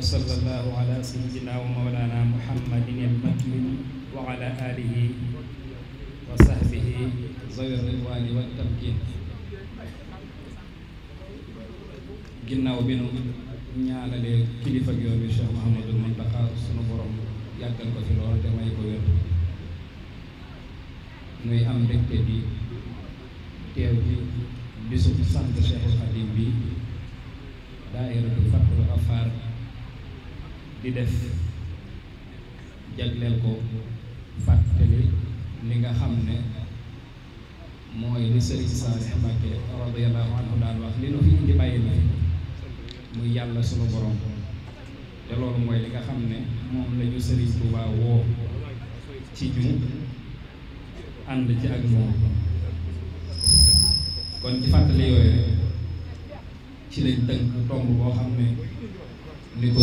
وصلى الله على سيدنا ومولانا محمد المكمل وعلى آله وصحبه زير الرضوان والتمكين جنا وبينو نيالا لي كليفا يوم الشيخ محمد المنتقى سونو بروم يغال كو سي لور دي ماي كو نوي ام ديك تي دي تيو دي بيسو سانت الشيخ القديم بي دائره الفتح والغفار di def jagleel ko fàttali li nga xam ne mooy li Sëriñ Saalix Mbàkke radiyallahu anhu daan wax li nu fi indi bàyyi na muy yàlla sunu borom te loolu mooy li nga xam ne moom lañu ñu Sëriñ Tuubaa woo ci ñu ànd ci ak moom kon ci fàttali yooyu ci lañ tënk tomb boo xam ne ni ko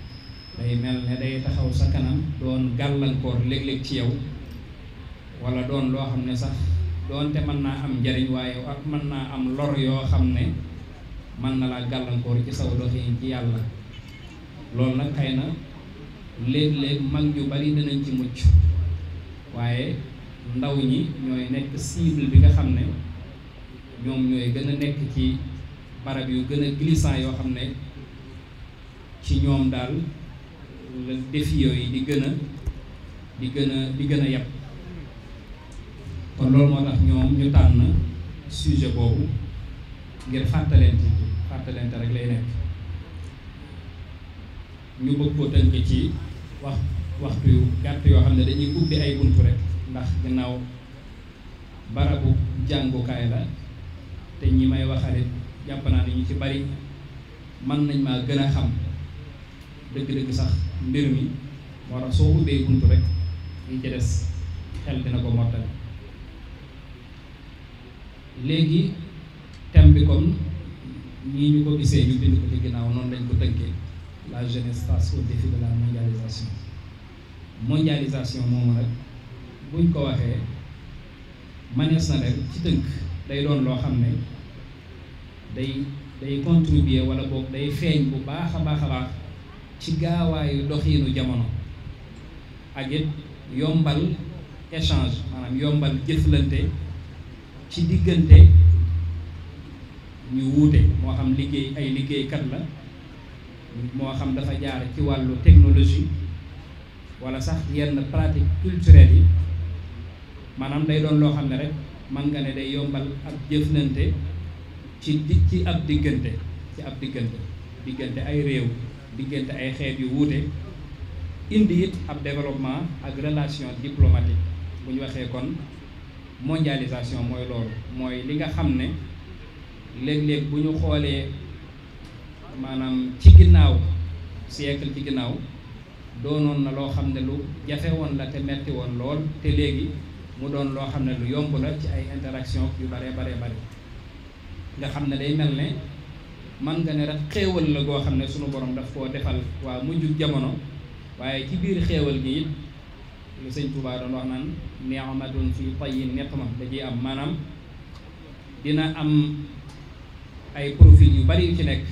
day mel na day taxaw sa kanam doon gàllankoor léeg-léeg ci yow wala doon loo xam ne sax doonte mën naa am njariñ waaye ak mën naa am lor yoo xam ne mën na laa gàllankoor ci saw doxin ci yàlla loolu nag xëy na léeg-léeg mag ñu bari dinañ ci mucc waaye ndaw ñi ñooy nekk cible bi nga xam ne ñoom ñooy gën a nekk ci barab yu gën a glissant yoo xam ne ci ñoom daal la défi yi di gën di gën a di gën a yàpp kon loolu moo tax ñoom ñu tànn sujet boobu ngir fàttalente fàttalente rek lay nekk ñu bëgg koo tënk ci wax waxtu yu gàtt yoo xam ne dañuy ubbi ay bunt rek ndax gannaaw barabu jàngukaay la te ñi may waxalit jàpp naa ne ñu ci bari mën nañ maa gën a xam dëgg-dëgg sax mbir mi moo tax soo ubbee bunt rek yi ci des xel dina ko mottali léegi thème bi comme ñii ñu ko gisee ñu bind ko ci ginnaaw noonu lañ ko tënkee la jeunesse face au défi de la mondialisation mondialisation moomu nag buñ ko waxee manees na rek ci tënk day doon loo xam ne day day contribuer wala boog day feeñ bu baax a baax a baax ci gaawaayu doxiinu jamono ak it yombal échange maanaam yombal jëflante ci diggante ñu wuute moo xam liggéey ay liggéeykat la moo xam dafa jaar ci wàllu technologie wala sax yenn pratique culturelle yi maanaam day doon loo xam ne rek man nga ne day yombal ab jëflante ci di ci ab diggante ci ab diggante diggante ay réew diggante ay xeet yu wuute indi it ab développement ak relation diplomatique bu ñu waxee kon mondialisation mooy loolu mooy li nga xam ne léeg-léeg bu ñu xoolee maanaam ci ginnaaw siècle ci ginnaaw doonoon na loo xam ne lu jafe woon la te metti woon lool te léegi mu doon loo xam ne lu yomb la ci ay interaction yu bare bare bare nga xam ne day mel ne man nga ne rek xéewal la goo xam ne sunu borom daf koo defal waa mujjug jamono waaye ci biir xéewal gi it lu sëñ Touba doon wax naan ni'matun fi tayyin niqma da ciy am maanaam dina am ay profil yu bari yu ci nekk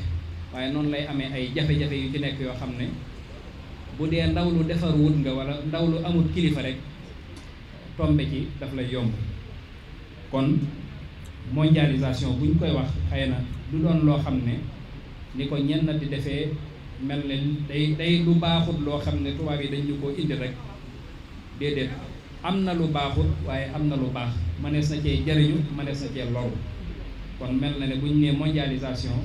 waaye noonu lay amee ay jafe-jafe yu ci nekk yoo xam ne bu dee ndaw lu defar wut nga wala ndaw lu amut kilifa rek tombe ci daf lay yomb kon mondialisation bu ñu koy wax xëy na lu doon loo xam ne ni ko ñenn di defee mel na day day lu baaxut loo xam ne tubaab yi dañ ñu koo indi rek déedéet am na lu baaxut waaye am na lu baax mënees na cee jëriñu mënees na cee loru kon mel na ne bu ñu nee mondialisation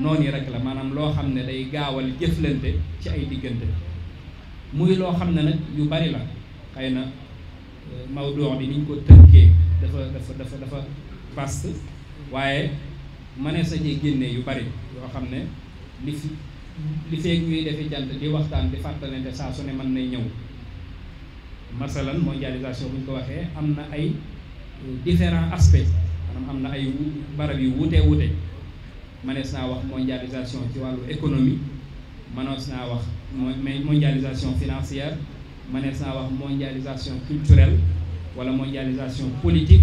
noonu rek la maanaam loo xam ne day gaawal jëflante ci ay diggante muy loo xam ne nag ñu bari la xëy na euh, Maodo bi niñ ñu ko tënkee dafa dafa dafa dafa. past waaye mënees nañuy génne yu bari yo xamné ne li fi li feeg ñuy defi jant di waxtaan di fàttalante saa su né mën nay ñëw masalan mondialisation buñ ko waxé amna ay différents aspects manam amna ay barab yu wuté wuté mané sa wax mondialisation ci walu économie mané sa wax mondialisation financière mané sa wax mondialisation culturelle wala mondialisation politique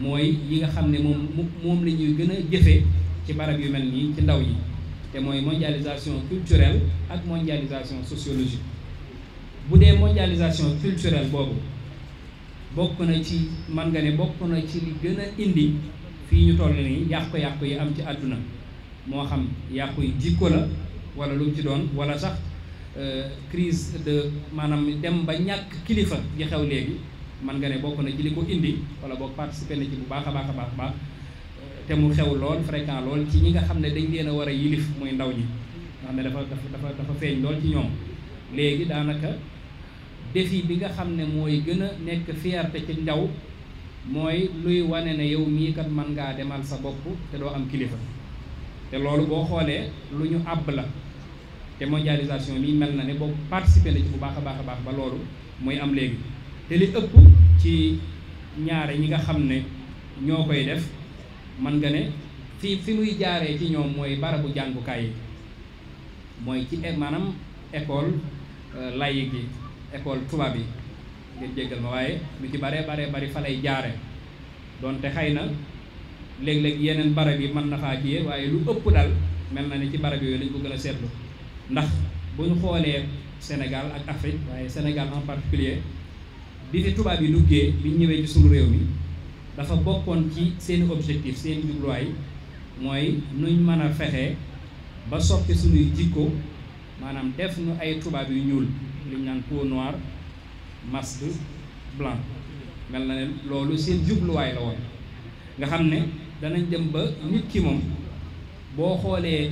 mooy yi nga xam ne moom moom la ñuy gën a jëfee ci barab yu mel nii ci ndaw yi te mooy mondialisation culturelle ak mondialisation sociologique bu dee mondialisation culturelle boobu bokk na ci man nga ne bokk na ci li gën a indi fii ñu toll nii yàqu-yàqu yi am ci àdduna moo xam yàqu yi jikko la wala lu ci doon wala sax euh, crise de maanaam dem ba ñàkk kilifa gi xew léegi man nga ne bokk na ci li ko indi wala boog participer na ci bu baax a baax a baax baax eh, te mu xew lool fréquent lool ci ñi nga xam ne dañ leen a war a yilif mooy ndaw ñi nga xam ne dafa dafa dafa dafa feeñ lool ci ñoom léegi daanaka défi bi nga xam ne mooy gën a nekk fierté ci ndaw mooy luy wane ne yow mii kat mën ngaa demal sa bopp te doo am kilifa te loolu boo xoolee lu ñu àbb la te mondialisation bi mel na ne boo participer na ci bu baax a baax a baax ba loolu mooy am léegi te li ëpp ci ñaare ñi nga xam ne ñoo koy def man nga ne fi fi muy jaaree ci ñoom mooy barabu jàngukaay yi mooy ci e, maanaam école euh, laïque yi ecole tubaab yi ngeen jéggal ma waaye lu ci baree baree bari fa lay jaare donte xëy na léeg-léeg yeneen barab yi mën na faa jiyee waaye lu ëpp daal mel na ne ci barab yooyu lañ ko gën a seetlu ndax bu ñu xoolee Sénégal ak Afrique waaye Sénégal en particulier bi tubaab yi duggee bi ñëwee ci suñu réew mi dafa bokkoon ci seeni objectif seeni jubluwaay mooy nuñ mën a fexe ba soppi suñuy jikko maanaam def nu ay tubaab yu ñuul liñ naan peau noire masque blanc mel na ne loolu seen jubluwaay la woon nga xam ne danañ dem ba nit ki moom boo xoolee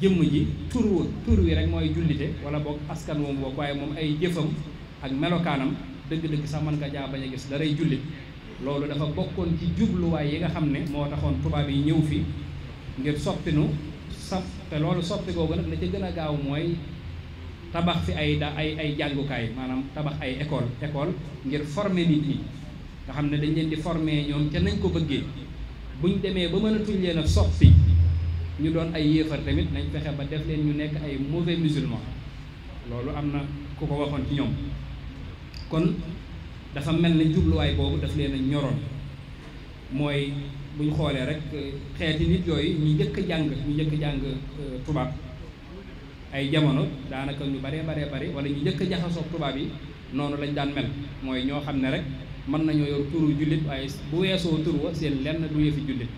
jëmm ji tur wi tur wi rek mooy jullite wala boog askan woom boog waaye moom ay jëfam ak melokaanam dëgg-dëgg sax man nga jaa bañ a gis daray jullit loolu dafa bokkoon ci jubluwaay yi nga xam ne moo taxoon tubaab yi ñëw fii ngir soppinu saf te loolu soppi googu nag la ca gën a gaaw mooy tabax fi ay da ay ay jàngukaay maanaam tabax ay école école ngir former nit ñi nga xam ne dañ leen di former ñoom ca nañ ko bëggee buñ demee ba mënatuñ leen a fii ñu doon ay yéefar tamit nañ fexe ba def leen ñu nekk ay mauvais musulman loolu am na ku ko waxoon ci ñoom kon dafa mel ne jubluwaay boobu daf leen a ñoroon mooy bu ñu xoolee rek xeeti nit yooyu ñu njëkk a jàng ñu njëkk a jàng euh, tubaab ay jamono daanaka ñu baree baree bari wala ñu njëkk a jaxasoo tubaab yi noonu lañ daan mel mooy ñoo xam ne rek mën nañoo yor turu jullit waaye bu weesoo tur wa seen lenn du yëfi jullit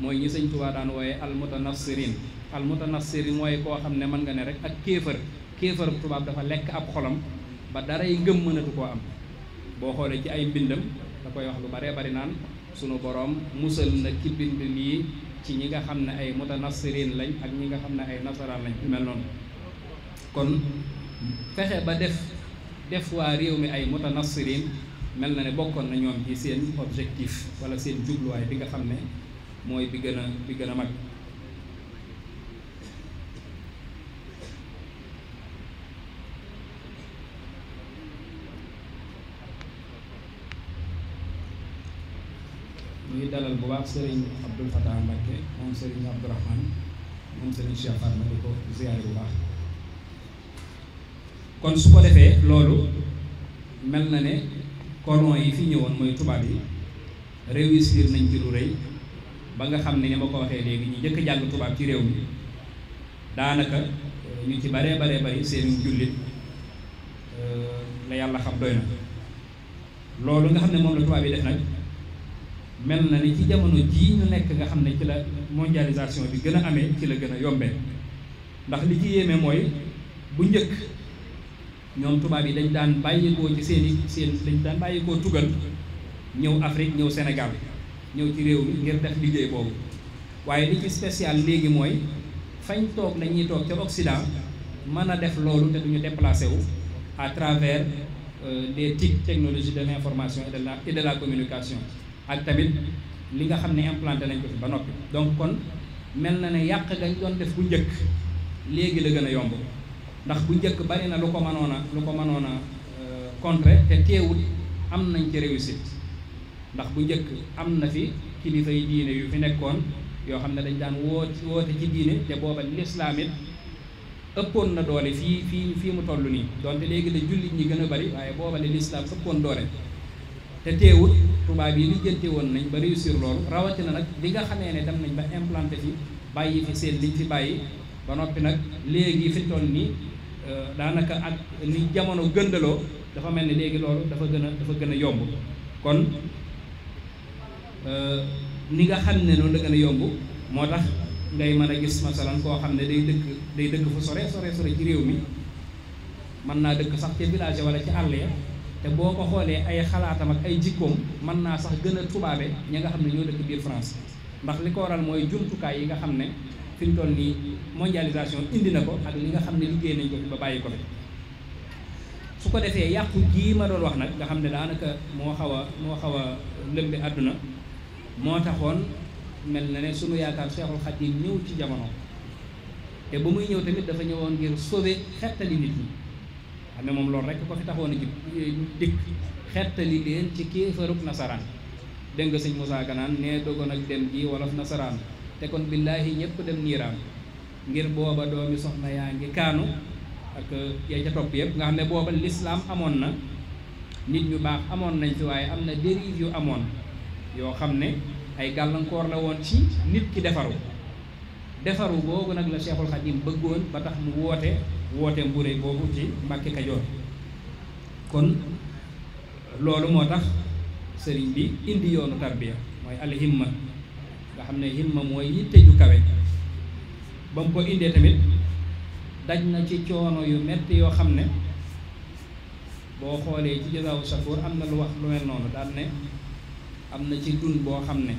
mooy ñi sëñ Tuubaa daan wooye almutanassirin almutanassirin mooy koo xam ne mën nga ne rek ak kéefër kéefër tubaab dafa lekk ab xolam ba daray ngëm mënatu koo am boo xoolee ci ay mbindam da koy wax lu baree bari naan sunu boroom musal na ci bind lii ci ñi nga xam ne ay mutanassirin lañ ak ñi nga xam ne ay nasaraan lañ fi mel noonu kon fexe ba def def waa réew mi ay mutanassirin mel na ne bokkoon na ñoom ci seen objectif wala seen jubluwaay bi nga xam ne mooy bi gën a bi gën a mag ñu dalal bu baax sëriñ Abdoul Fatah Mbacke moom sëriñ Abdourahmane moom sëriñ Cheikh Fatma di ko ziyaare bu baax kon su ko defee loolu mel na ne colon yi fi ñëwoon mooy tubaab yi réussir nañ ci lu ba nga xam ne ni ma ko waxee léegi ñu njëkk jàng tubaab ci réew mi daanaka ñu ci baree baree bari seen jullit euh, la yàlla xam doy na loolu nga xam ne moom la tubaab yi def nag mel na ni ci jamono ji ñu nekk nga xam ne ci la mondialisation bi gën a amee ci la gën a yombee ndax li ci yéeme mooy bu njëkk ñoom tubaab yi dañ daan bàyyikoo ci seen i seen dañ daan bàyyikoo tugal ñëw Afrique ñëw Sénégal ñëw ci réew mi ngir def liggéey boobu waaye li ci spécial léegi mooy fañ toog nañuy toog ca Occident mën a def loolu te duñu déplacé wu à travers euh, des TIC technologies de l'information et de la et de la communication ak tamit li nga xam ne implanté nañ ko fi ba noppi donc kon mel na ne yàq gañ doon def bu njëkk léegi la gën a yomb ndax bu njëkk bari na lu ko mënoon a lu ko mënoon a euh, contrer te teewul am nañ ci réussite ndax bu njëkk am na fi kilifa yi diine yu fi nekkoon yoo xam ne dañ daan woote woote ci diine te booba lislaam it ëppoon na doole fii fii fii mu toll nii donte léegi la jullit ñi gën a bari waaye booba la lislaam ëppoon doole te teewut tubaab yi lijjante woon nañ ba réussir loolu rawatina nag li nga xamee ne dem nañ ba implante fi bàyyi fi seen liñ fi bàyyi ba noppi nag léegi fi toll nii euh, daanaka ak ni jamono gëndaloo dafa mel ni léegi loolu dafa gën a dafa gën a yomb kon euh, ni nga xam ne noonu la gën a yomb moo tax ngay mën a gis masalan koo xam ne day dëkk day dëkk fu sore sore sore ci réew mi mën naa dëkk sax ca village wala ci àll ya te boo ko xoolee ay xalaatam ak ay jikkoom mën naa sax gën a tubaabe ñi nga xam ne ñoo dëkk biir France ndax li ko waral mooy jumtukaay yi nga xam ne fi ñu toll mondialisation indi na ko ak li nga xam ne liggéey nañ ko fi ba bàyyi ko fi su ko defee yàqu gii ma doon wax nag nga xam ne daanaka moo xaw a moo xaw a lëmbi àdduna moo taxoon mel na ne sunu yaakaar Seexul yi ñëw ci jamono te ba muy ñëw tamit dafa ñëwoon ngir sauver xettali nit ñi xamne mom lool rek ko fi taxone eh, ci dik xettali leen ci kéefaruk nasaraan dégg nga sëñ Moussa Ganaan ne dogoon ak dem gi wolof nasaraan te kon billahi ñëpp dem niiraan ngir booba doomi soxna yaa ngi ak eh, ya ca topp yëpp nga xam ne booba lislaam amoon na nit ñu baax amoon nañ fi waaye am dérive yu amoon yoo xam ay gàllankoor la woon ci nit ki defaru defaru boobu nag la cheikhul xadim bëggoon ba tax mu woote mbuure boobu ci Mbàkke Kajoor kon loolu moo tax sëriñ bi indi yoonu tarbiya mooy alhimma nga xam ne himma mooy yitte ju kawe ba mu ko indee tamit daj na ci coono yu metti yoo xam ne boo xoolee ci jasaawu sakoor am na lu wax lu mel noonu daal ne am na ci dund boo xam ne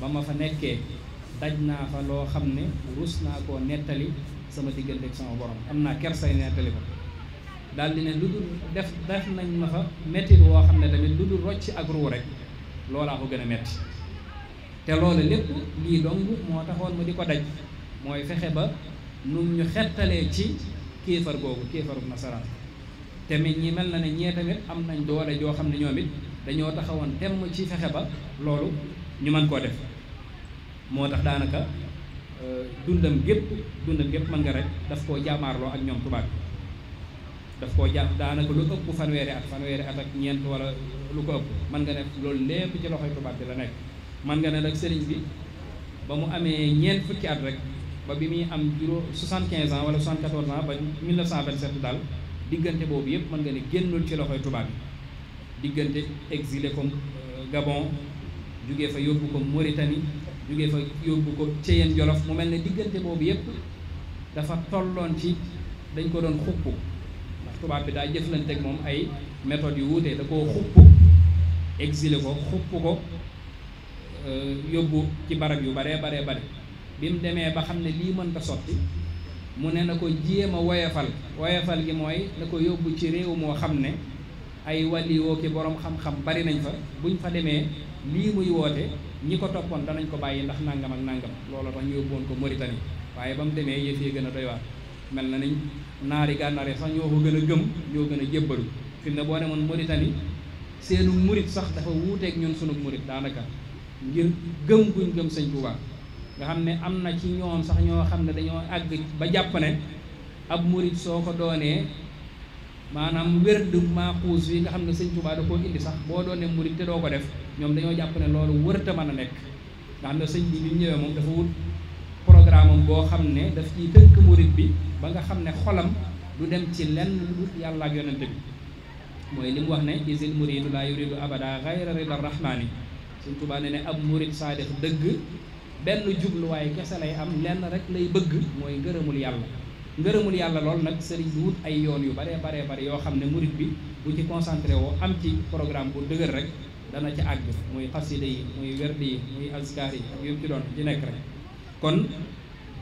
ba ma fa nekkee daj naa fa loo xam ne rus naa koo nettali sama diggante ak sama borom am naa kersay nettali ko daal di ne lu dul def def nañ ma fa métti woo xam ne tamit lu dul rocc ak ruu rek loolaa ko gën a métti te loolu lépp lii dong moo taxoon mu di ko daj mooy fexe ba num ñu xettalee ci kéefar googu kéefarug nasaraan te mit ñi mel na ne ñee tamit am nañ doole joo xam ne ñoom it dañoo taxawoon temm ci fexe ba loolu ñu mën koo def moo tax daanaka dundam gépp dundam gépp mën nga rek daf koo jaamaarloo ak ñoom tubaab daf koo ja daanaka lu ëpp fanweeri at fanweeri at ak ñeent wala lu ko ëpp man nga ne loolu lépp ci loxoy tubaab bi la nekk man nga ne nag sëriñ bi ba mu amee ñeent fukki at rek ba bi muy am juróom 75 ans wala 74 ans ba 1927 daal diggante boobu yëpp man nga ne génnul ci loxoy tubaab bi diggante exilé comme euh, Gabon jugee fa yóbbu ko Mauritanie jógee fa yóbbu ko Ceyeen Jolof mu mel ne diggante boobu yépp dafa tolloon ci dañ ko doon xupp ndax tubaab bi daa jëflante ak moom ay méthodes yu wuute da koo xupp exilé ko xupp ko euh, yóbbu ci barab yu baree baree bare bi demee ba xam ne lii mën mënta sotti mu ne na ko jéem a woyafal woyafal gi mooy na ko yóbbu ci réew moo xam ne ay wàlliwoo ki boroom xam-xam bari nañ fa buñ fa demee lii muy woote ñi ko toppoon danañ ko bàyyi ndax nangam ak nangam looloo tax ñu yóbbuwoon ko Mauritanie waaye ba mu demee yëf yi gën a doy waar mel na niñ naari gànnaare sax ñoo ko gën a gëm ñoo gën a jébbalu fi mu boo demoon Mauritanie seenu murit sax dafa wuuteek ñun sunu murit daanaka ngir gëm guñ gëm sëñ Tuubaa nga xam ne am na ci ñoom sax ñoo xam ne dañoo àgg ba jàpp ne ab murit soo ko doonee maanaam wérdu maaxuus yi nga xam ne sëñ Tuubaa da koo indi sax boo doonee murit te ko def ñoom dañoo jàpp ne loolu wërta mën a nekk nga sëñ bi ñu ñëwee moom dafa wut programme boo xam ne daf ci tënk murit bi ba nga xam ne xolam du dem ci lenn lu dul yàlla ak yonente bi mooy li mu wax ne isil muridu laa yuridu abada gayra rida rahmaani suñ tubaa ne ne ab murit saa dëgg benn jubluwaay kese lay am lenn rek lay bëgg mooy ngërëmul yàlla ngërëmul yàlla lool nag sëriñ bi wut ay yoon yu baree baree bari yoo xam ne murit bi bu ci concentré woo am ci programme bu dëgër rek dana ci ag muy qasida yi muy werdi yi muy azkar yi ak ci doon di nek rek kon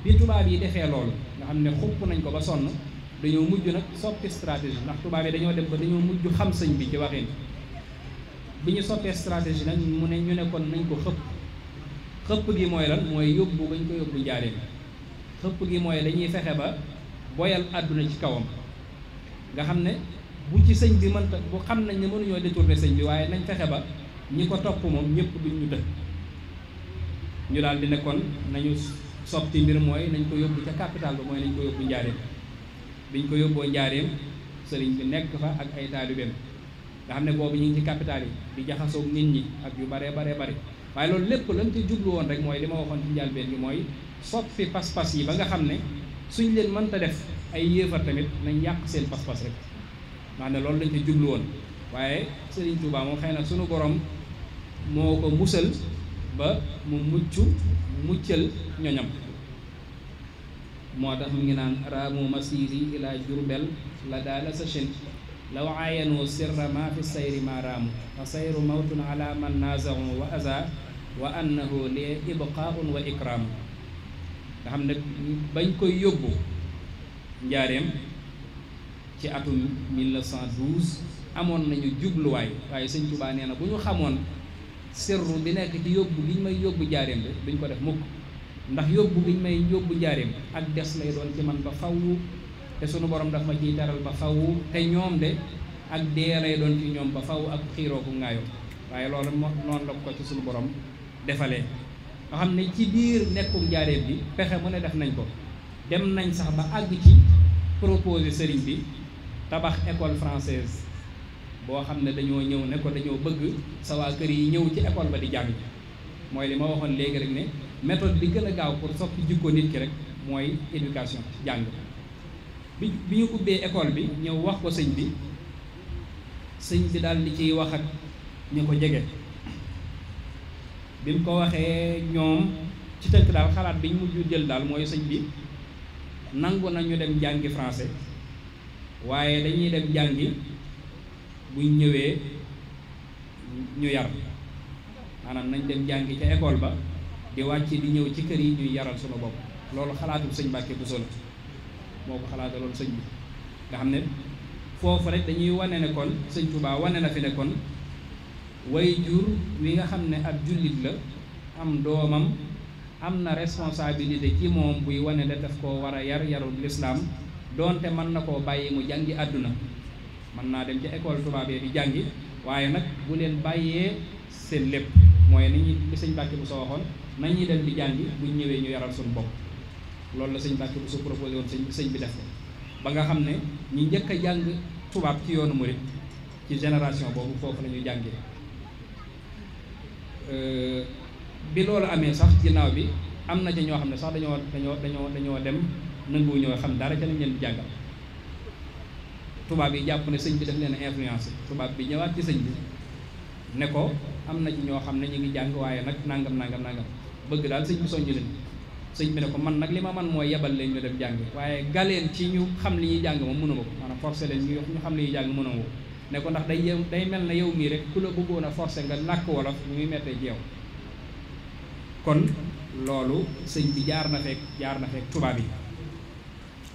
bi tuba bi defé loolu nga xamne xop nañ ko ba sonn dañu mujj nak soppi stratégie ndax tuba bi dañu dem ba dañu mujj xam sëñ bi ci waxin biñu soppi soppee stratégie nag mu ne ñu ne kon nañ ko xëpp xëpp gi moy lan moy yóbbu bañ ko yóbbu jaare xëpp gi moy dañuy fexe ba boyal aduna ci kawam nga xamne bu ci sëñ bi ta bu xam nañ ne ñoo détourner sëñ bi waaye nañ fexe ba ñi ko topp moom ñëpp duñ ñu dëkk ñu daal di nekkoon nañu sotti mbir mooy nañ ko yóbbu ca capital ba mooy nañ ko yóbbu njaareem biñ ko yóbboo njaareem sëriñ bi nekk fa ak ay taalibeem nga xam ne boobu ñu ngi ci capital yi di jaxasoog nit ñi ak yu baree baree bari waaye loolu lépp lañ ci jublu woon rek mooy li ma waxoon ci njàlbeen bi mooy fi pas-pas yi ba nga xam ne suñ leen mënta def ay yéefar tamit nañ yàq seen pas-pas rek nga xam ne loolu lañ ci jublu woon waaye sëriñ Touba moom xëy na suñu borom moko ko ba mu muccu muccel ñoñam motax tax mu ngi naan raamu masiri ila jurbel la dala sa chen law ayanu sirra ma fi sayri ma ram fa sayru mawtun ala man nazahu wa aza wa annahu li ibqaun wa ikram nga xam ne bañ koy yóbbu njaareem ci atum 1912 amoon nañu jubluwaay waaye sëñ Tuubaa nee na bu ñu xamoon sirru bi nekk ci yóbbu bi ñu may yóbbu jaareem bi duñ ko def mukk ndax yóbbu bi ñu may yóbbu jaareem ak des lay doon ci man ba faw te sunu borom daf ma ciy taral ba faw te ñoom de ak dee lay doon ci ñoom ba faw ak xiiroo ku ngaayo waaye loolu moo noonu la ko ci suñu borom defalee nga xam ne ci biir nekkum jaareem bi pexe mu ne def nañ ko dem nañ sax ba àgg ci proposer sëriñ bi tabax école française boo xam ne dañoo ñëw ne dañoo bëgg sa waa yi ñëw ci école ba di jàng mooy li ma waxoon léegi rek ne méthode bi gën a gaaw pour soppi jikko nit ki rek mooy éducation jàng bi ñu ubbee école bi ñëw wax ko sëñ bi sëñ bi daal di ciy wax ak ñu ko jege bi mu ko waxee ñoom ci tënk daal xalaat bi ñu mujj jël daal mooy sëñ bi nangu nañu dem jàngi français waaye dañuy dem jàngi buñ ñëwee ñu yar maanaam nañ dem jàngi ca école ba di wàcce di ñëw ci kër yi ñuy yaral sunu bopp loolu xalaatul sëñ Mbàkke Buso la moo ko xalaataloon sëñ bi nga xam ne foofu rek dañuy wane ne kon sëñ Tuubaa wane na fi nekkoon way jur wi nga xam ne ab jullit la am doomam am na responsabilité ci moom buy wane la daf koo war a yar yarul lislaam doonte mën na koo bàyyi mu jàngi àdduna mën naa dem ca école tubaabee bi jàngi waaye nag bu leen bàyyee seen lépp mooy ni ñuy li sëñ Mbàkke bu sa waxoon nañuy dem di jàngi buñ ñëwee ñu yaral suñu bopp loolu la sëñ Mbàkke bu sa proposé woon sëñ sëñ bi def ko ba nga xam ne ñi njëkk a jàng tubaab ci yoonu murit ci génération boobu foofu la ñu jàngee euh, bi loolu amee sax naaw bi am na ci ñoo xam ne sax dañoo dañoo dañoo dañoo dem nanguwu ñoo xam dara ca lañ leen di jàngal tubaab yi jàpp ne sëñ bi daf leen a influencé tubaab bi ñëwaat ci sëñ bi ne ko am na ci ñoo xam ne ñu ngi jàng waaye nag nangam nangam nangam bëgg daal sëñ bi soññu leen sëñ bi ne ko man nag li ma man mooy yebal leen ñu dem jàng waaye galeen ci ñu xam li ñuy jàng moom mënuma ko maanaam forcé leen ñu ñu xam li ñuy jàng mënuma ne ko ndax day yew day mel na yow mii rek ku la bëggoon a forcé nga làkk wolof bu muy mettee ci kon loolu sëñ bi jaar na fekk jaar na fekk tubaab yi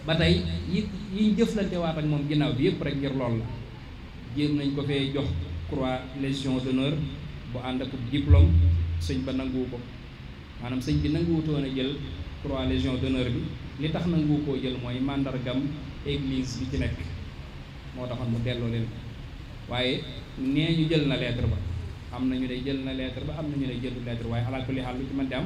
ba tey yi yiñ jëflante waat ak moom ginnaaw bi yëpp rek ngir lool la jéem nañ ko fee jox croix légion d'honneur bu ànd ak diplôme sëñ ba nanguwu ko maanaam sëñ bi nanguwutoon a jël croix légion d'honneur bi li tax nanguwu koo jël mooy màndargam église bi ci nekk moo taxoon mu delloo leen waaye nee ñu jël na lettre ba am na ñu ne jël na lettre ba am na ñu ne jëlu lettre waaye xalaat ko li xaal lu ci man di am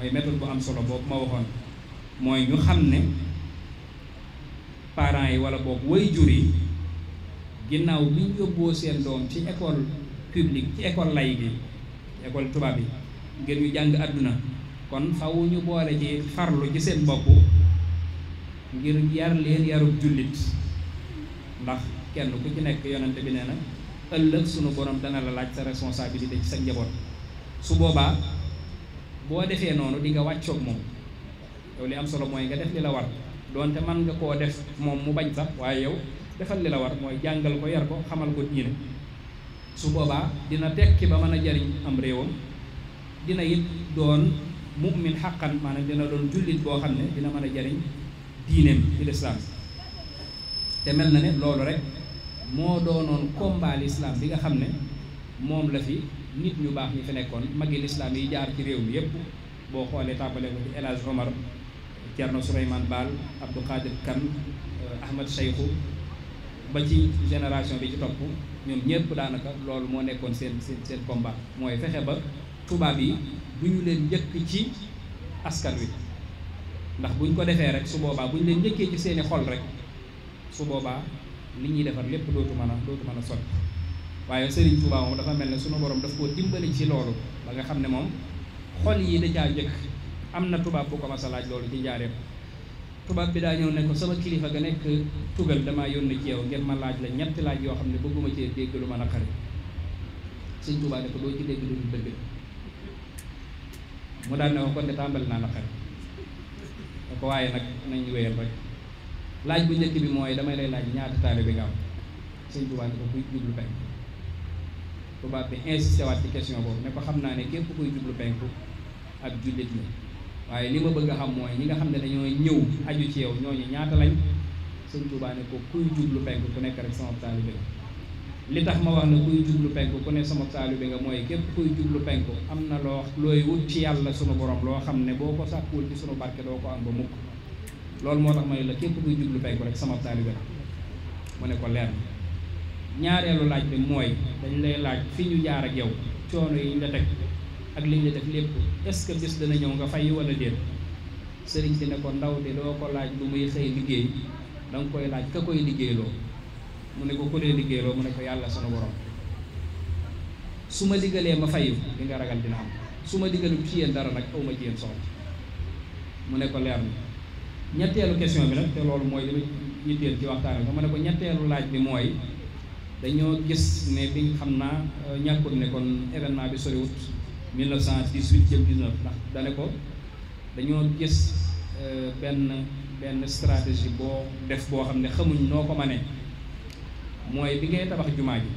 mooy méthode bu am solo boobu ma waxoon mooy ñu xam ne parent yi wala boog waajur yi ginnaaw bi ñu yóbboo seen doom ci école publique ci école lay gi école tubaab yi ngir ñu jàng àdduna kon fawu ñu boole ci farlu ci seen bopp ngir yar leen yarub jullit ndax kenn ku ci nekk yonante bi nee na ëllëg sunu borom dana la laaj sa responsabilité ci sa njaboot su boobaa boo defee noonu di nga wàccoog moom yow li am solo mooy nga def li la war donte mën nga koo def moom mu bañ sax waaye yow defal li la war mooy jàngal ko yar ko xamal ko diine su boobaa dina tekki ba mën a jariñ am réewam dina it doon mu'min xaqan maanaam dina doon jullit boo xam ne dina mën a jariñ diineem ci lislaam te mel na ne loolu rek moo doonoon combat l'islam bi nga xam ne moom la fi nit ñu baax ñu fi nekkoon mag magi lislaam yi jaar ci réew mi yépp boo xoolee tàmbale ko ci El Hadj Omar Thierno Souleymane Baal Abdou Khadir Kane euh, Ahmad Cheikhou ba ci génération bi ci topp ñoom ñëpp daanaka loolu moo nekkoon seen seen seen combat mooy fexe ba tubaab yi bu ñu leen njëkk ci askan wi ndax buñ ko defee rek su boobaa bu ñu leen njëkkee ci seeni xol rek su boobaa li ñuy defar lépp dootu mën a dootu mën a sotti waaye Serigne Touba moom dafa mel ne sunu borom daf koo dimbali ci loolu ba nga xam ne moom xol yi da caa jëkk am na tubaab bu ko ma sa laaj loolu ci njaareem tubaab bi daa ñëw ne ko sama kilifa ga nekk tugal damaa yónni ci yow ngeen ma laaj la ñetti laaj yoo xam ne bëgguma cee dégg lu ma naqari Serigne Touba ne ko doo ci dégg lu dul dëgg mu daal ne ko kon de tàmbali naa naqari da ko waaye nag nañ wéyal rek laaj bu njëkk bi mooy damay lay laaj ñaata taalibe bi nga am ko kuy jublu tey tubaab bi insisté waat ci question boobu ne ko xam naa ne képp kuy jublu penku ak jullit la waaye li ma bëgg a xam mooy ñi nga xam ne dañoo ñëw aju ci yow ñooñu ñaata lañ sëñ Tuubaa ne ko kuy jublu penku ku nekk rek sama taalibe la li tax ma wax ne kuy jublu penku ku ne sama taalibe nga mooy képp kuy jublu penku am na loo looy wut ci yàlla sunu borom loo xam ne boo ko sàkkuwul ci sunu barke doo ko am ba mukk loolu moo tax ma ne la képp kuy jublu penku rek sama taalibe la mu ne ko leer na ñaareelu laaj bi mooy dañ lay laaj fi ñu jaar ak yow coono yi ñu la teg ak li ñu la def lépp est-ce que dana ñëw nga fay wala déet sëriñ si ne ko ndaw de doo ko laaj lu muy xëy liggéey da nga koy laaj ka koy liggéeyloo mu ne ko ku dee liggéeyloo mu ne ko yàlla sunu borom su ma diggalee ma fayu li nga ragal dina am su ma diggalu ci yéen dara nag aw ma ci yéen soxla mu ne ko leer na ñetteelu question bi nag te loolu mooy li ma yitteel ci waxtaan ne ko ñetteelu laaj bi mooy. dañoo gis ne bi xam naa euh, ñàkkul ne kon événement bi soriwut 1918 jëm 19 ndax dane ko dañoo gis euh, benn benn stratégie boo def boo xam ne xamuñ noo ko mënee mooy bi ngay tabax jumaa ji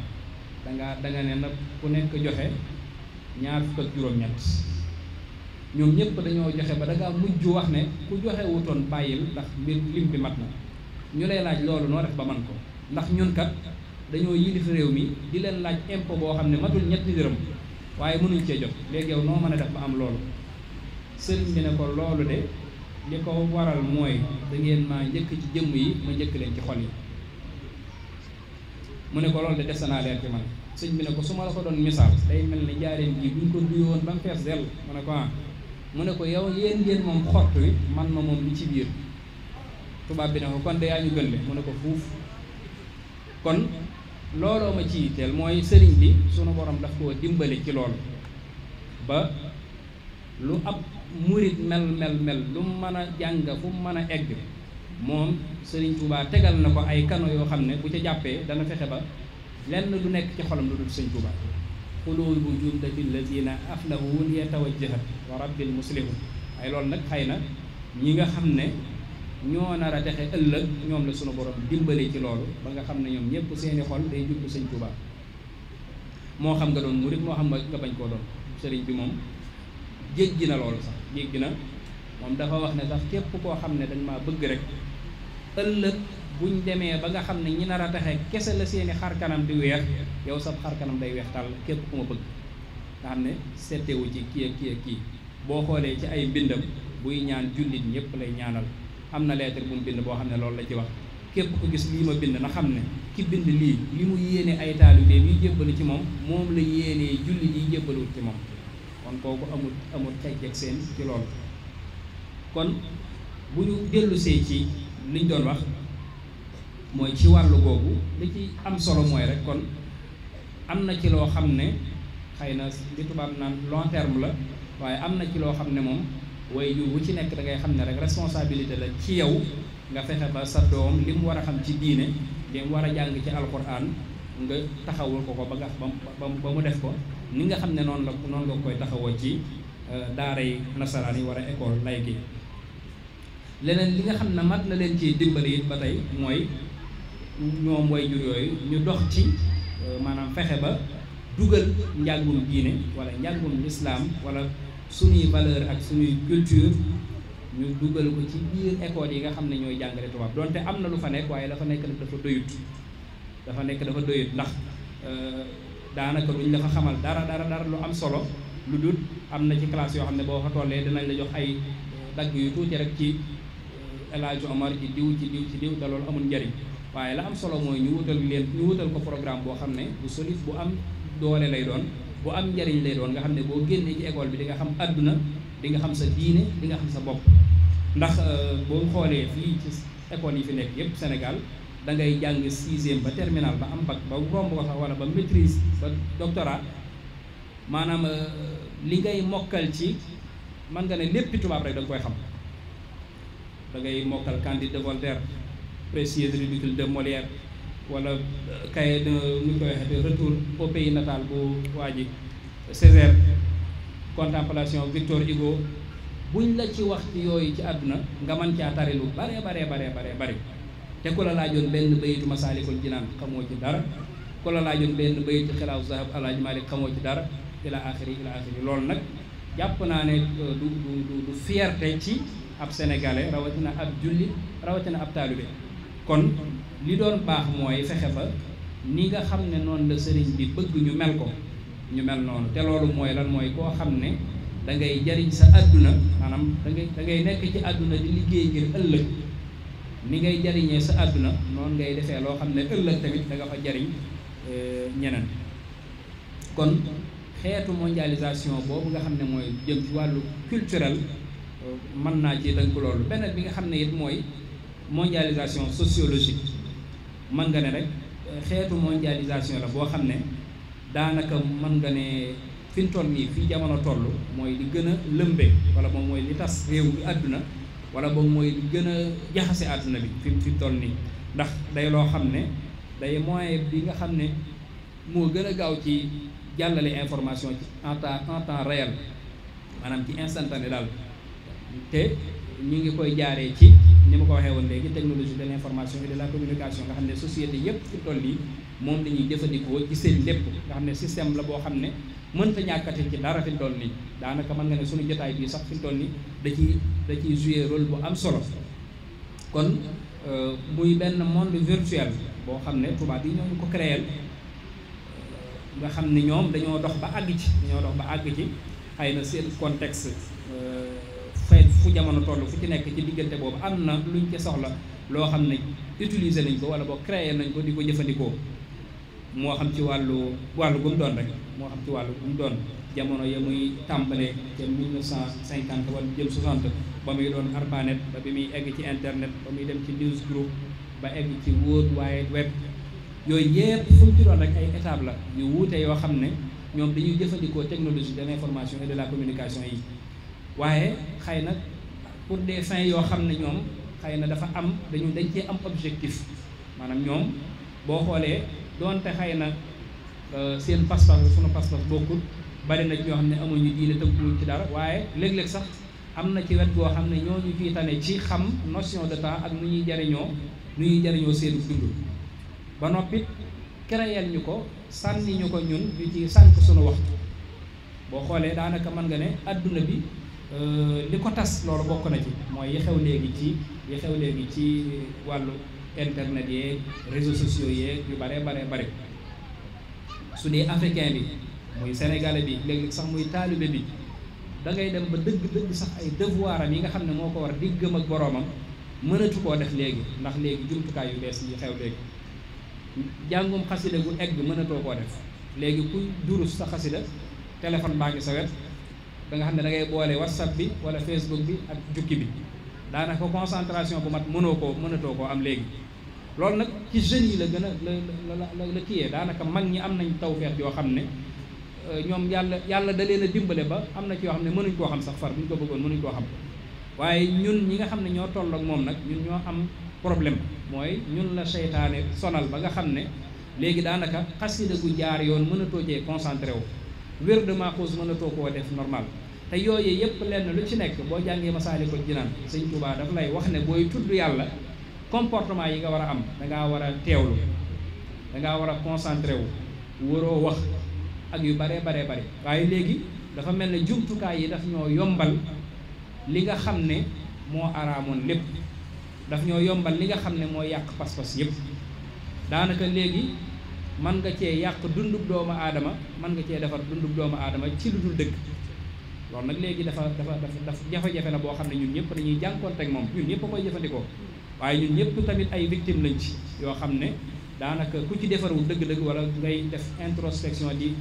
da nga da ne nag ku nekk joxe ñaar fukk ak juróom-ñett ñoom ñëpp dañoo joxe ba da ngaa mujj wax ne ku joxe wutoon bàyyil ndax mbir lim bi mat na ñu lay laaj loolu noo def ba man ko ndax ñun kat. dañoo yilif réew mi di leen laaj impôt boo xam ne matul ñetti dërëm waaye mënuñ cee jot léegi yow noo mën a def ba am loolu sëriñ bi ne ko loolu de li ko waral mooy da ngeen maa njëkk ci jëmm yi ma njëkk leen ci xol yi mu ne ko loolu de dese naa leer ci man sëñ bi ne ko su ma la ko doon misaal day mel ni jaareen ji buñ ko duy woon ba mu fees dell mu ne ko ah mu ne ko yow yéen ngeen moom xott wi man ma moom li ci biir tubaab bi ne ko kon de yaa ñu gën le ko fuuf kon looloo ma ci yitteel mooy sëriñ bi sunu boroom daf koo dimbali ci loolu ba lu ab murit mel mel mel lu mën a jàng fu mën a egg moom sëriñ Touba tegal na ko ay kano yoo xam ne bu ca jàppee dana fexe ba lenn lu nekk ci xolam lu dul sëriñ Touba xulubu jumdati lazina aflahun yatawajjahat wa rabbil muslimun ay loolu nag xay na ñi nga xam ne ñoo nar a texe ëllëg ñoom la sunu borom dimbale ci loolu ba nga xam ne ñoom ñëpp seeni xol day jublu sañ Tuuba moo xam nga doon murit moo xam nga bañ koo doon sëriñ bi moom gi na loolu sax gi na moom dafa wax ne sax képp koo xam ne dañ maa bëgg rek ëllëg buñ demee ba nga xam ne ñi nar a texe kese la seeni xar di weex yow sab xar day weex tàll képp ku ma bëgg nga xam ne settewu ci kii ak kii ak kii boo xoolee ci ay mbindam buy ñaan jullit ñëpp lay ñaanal am na lettre bu mu bind boo xam ne loolu la ci wax képp ko gis lii ma bind na xam ne ki bind lii li mu yéene ay taalibe yi jébbalu ci moom moom la yéenee julli yi jébbaluwut ci moom kon kooku amul amul tejjeg seen ci loolu kon bu ñu dellusee ci liñ doon wax mooy ci wàllu googu li ci am solo mooy rek kon am na ci loo xam ne xëy na li tubaab naan long terme la waaye am na ci loo xam ne moom way jur wu ci nekk da ngay xam ne rek responsabilité la ci yow nga fexe ba sa doom li mu war a xam ci diine li mu war a jàng ci alquran nga taxawul ko ko ba nga ba mu def ko ni nga xam ne noonu la noonu nga koy taxawoo ci euh, daara yi nasaraan yi war a école lay gi leneen li nga xam ne mat na leen ci dimbali it ba tey mooy ñoom way jur yooyu ñu dox ci euh, maanaam fexe ba dugal njàngum diine wala njàngum lislaam wala suñuy valeur ak suñuy culture ñu dugal ko ci biir école yi nga xam ne ñooy jàngale tubaab donte am na lu fa nekk waaye dafa nekk nag dafa doyut dafa nekk dafa doyut ndax euh, daanaka luñ la fa xamal dara dara dara lu am solo lu dul am na ci classe yoo xam ne boo fa tollee danañ la jox ay dagg yu tuuti rek ci euh, El Hadj Omar ci diw ci diw ci diw te loolu amul njariñ waaye la am solo mooy ñu wutal leen ñu wutal ko programme boo xam ne bu solif bu am doole lay doon bu am njariñ lay doon nga xam ne boo génnee ci école bi di xam àdduna di nga xam sa diine di nga xam sa bopp ndax euh, boo xoolee fii ci école yi fi nekk yépp Sénégal dangay jàng sixième ba terminal ba am bac ba romb ko sax wala ba maîtrise sa doctorat maanaam euh, li ngay mokkal ci man nga ne lépp tubaab rek da nga koy xam da ngay mokkal Candide de Voltaire Précieuse ridicule de Molière wala euh, cahier de nu ñu koy waxee de retour au pays natal waa ji Césaire contemplation Victor Hugo buñ la ci wax yooyu ci àdduna nga mën caa tari lu bare bare bare bare te kolo la laajoon benn bayitu Masaalikul naan xamoo ci dara ku la laajoon benn bayitu Xilaasu Zahab Alaaji Maalik xamoo ci dara ila axiri ila axiri loolu nag jàpp naa ne euh, du du du fierté ci ab sénégalais rawatina ab julli rawatina ab taalibe kon li doon baax mooy fexe ba ni nga xam ne noonu la sëriñ bi bëgg ñu mel ko ñu mel noonu te loolu mooy lan mooy koo xam ne da ngay jariñ sa àdduna maanaam dangay ngay ngay nekk ci àdduna di liggéey ngir ëllëg ni ngay jariñee sa àdduna noonu ngay defee loo xam ne ëllëg tamit da nga fa jariñ eh, ñeneen kon xeetu mondialisation boobu nga xam ne mooy jëm wàllu culturel mën naa ci tënk loolu beneen bi nga xam ne it mooy mondialisation sociologique man nga ne rek euh, xeetu mondialisation la boo xam ne daanaka man nga ne fi mu toll nii fii jamono toll mooy li gën a lëmbe wala moom mooy li tas réew bi àdduna wala moom mooy li gën a jaxase àdduna bi fi fi mu nii ndax day loo xam ne day moyen bi nga xam ne moo gën a gaaw ci jàllale information ci en temps en temps réel maanaam ci instantané daal te ñu ngi koy jaaree ci ni ma ko waxee woon léegi technologie de l' information et de la communication nga xam ne société yëpp fi toll moom la ñuy jëfandikoo ci seen lépp nga xam ne système la boo xam ne mënta ñàkkati ci dara fi toll nii daanaka mën nga ne suñu jotaay bii sax fi toll nii da ciy da ciy jouer rôle bu am solo kon euh, muy benn monde virtuel boo xam ne tubaab bi ñoo ko créer nga xam ne ñoom dañoo dox ba àgg ci dañoo dox ba àgg ci xëy na seen contexte. Euh, fay fu jamono toll fu ci nekk ci diggante boobu amna na luñ ci soxla loo xam utiliser nañ ko wala bo créer nañ ko di ko jëfandikoo moo xam ci wàllu wàllu gu mu doon rek moo xam ci wàllu gu mu doon jamono ya muy tàmbalee ci 1950 wala jëm 60 ba muy doon arpanet ba bi muy egg ci internet ba muy dem ci news group ba egg ci World Wide Web yooyu yépp fu mu ci doon rek ay étape la yu wuute yoo xam ne ñoom dañuy jëfandikoo technologie de l'information et de la communication yi waaye xëy na pour des fins yoo xam ne ñoom xëy na dafa am dañu dañ cee am objectif maanaam ñoom boo xoolee doonte xëy na euh, seen pas-pas sunu pas-pas bokkul bari na ñoo xam ne amuñu diine tënkuwuñ ci dara waaye léeg-léeg sax am na ci wet goo xam ne ñooñu fii tane ci xam notion de temps ak nu ñuy jariñoo nu ñuy jariñoo seen dund ba noppit créer ñu ko sànni ñu ko ñun ñu ci sànq sunu waxtu boo xoolee daanaka mën nga ne àdduna bi Euh, li ko tas loolu bokk na ci mooy yi xew léegi ci yi xew léegi ci wàllu internet yeeg réseaux sociaux yeeg yu bare bare bari su dee africain bi muy sénégalais bi léegi sax muy taalibe bi da ngay dem ba dëgg-dëgg sax ay devoir yi nga xam ne moo ko war diggam ak boroomam mënatu koo def léegi ndax léegi jumtukaay yu bees yi xew léegi jàngum xasida gu egg mënatoo koo def léegi ku durus sa xasida téléphone baa ngi sa wet ba nga xam ne dangay ngay boole whatsapp bi wala facebook bi ak jukki bi daanaka concentration bu mat mënoo koo mënatoo ko am léegi loolu nag ci jeunes yi la gën a la la la kiyee daanaka mag ñi am nañ tawfeex yoo xam ne euh, ñoom yàlla yàlla da leen a dimbale ba am na ci yoo xam ne mënuñ koo xam sax far bu ñu ko bëggoon mënuñ koo xam waaye ñun ñi nga xam ne ñoo toll ak moom nag ñun ñoo am problème mooy ñun la seytaane sonal ba nga xam ne léegi daanaka xasida gu jaar yoon mënatoo cee concentré wu wér de maaxuus mënatoo koo def normal te yooyu yëpp lenn lu ci nekk boo jàngee Masaalikul Jinaan sañ Tuubaa daf lay wax ne booy tudd yàlla comportement yi nga war a am dangaa war a teewlu dangaa war a concentré wu waroo wax ak yu baree baree bare waaye léegi dafa mel ne jumtukaay yi daf ñoo yombal li nga xam ne moo araamoon lépp daf ñoo yombal li nga xam ne moo yàq pas-pas yëpp daanaka léegi man nga cee yàq dundub doomu aadama man nga cee defar dundub doomu aadama ci lu dul dëgg loolu nag léegi dafa dafa dafa jafe-jafe na boo xam ne ñun ñëpp dañuy jànkoonte ak moom ñun ñëpp a koy jëfandikoo waaye ñun ñëpp tamit ay victime lañ ci yoo xam ne daanaka ku ci defarul dëgg-dëgg wala ngay def introspection di